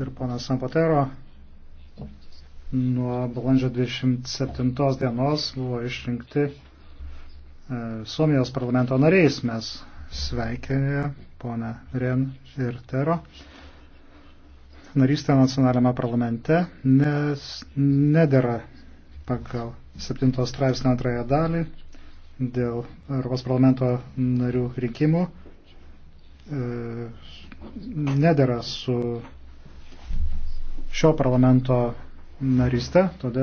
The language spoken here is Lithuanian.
ir ponas Sampotero nuo balandžio 27 dienos buvo išrinkti e, Suomijos parlamento nariais. Mes sveikinėme ponę Ren ir Tero narystę nacionaliame parlamente, nes nedėra pagal 7 straipsnio antrąją dalį dėl Europos parlamento narių rinkimų e, nedėra su šio parlamento narystę, todėl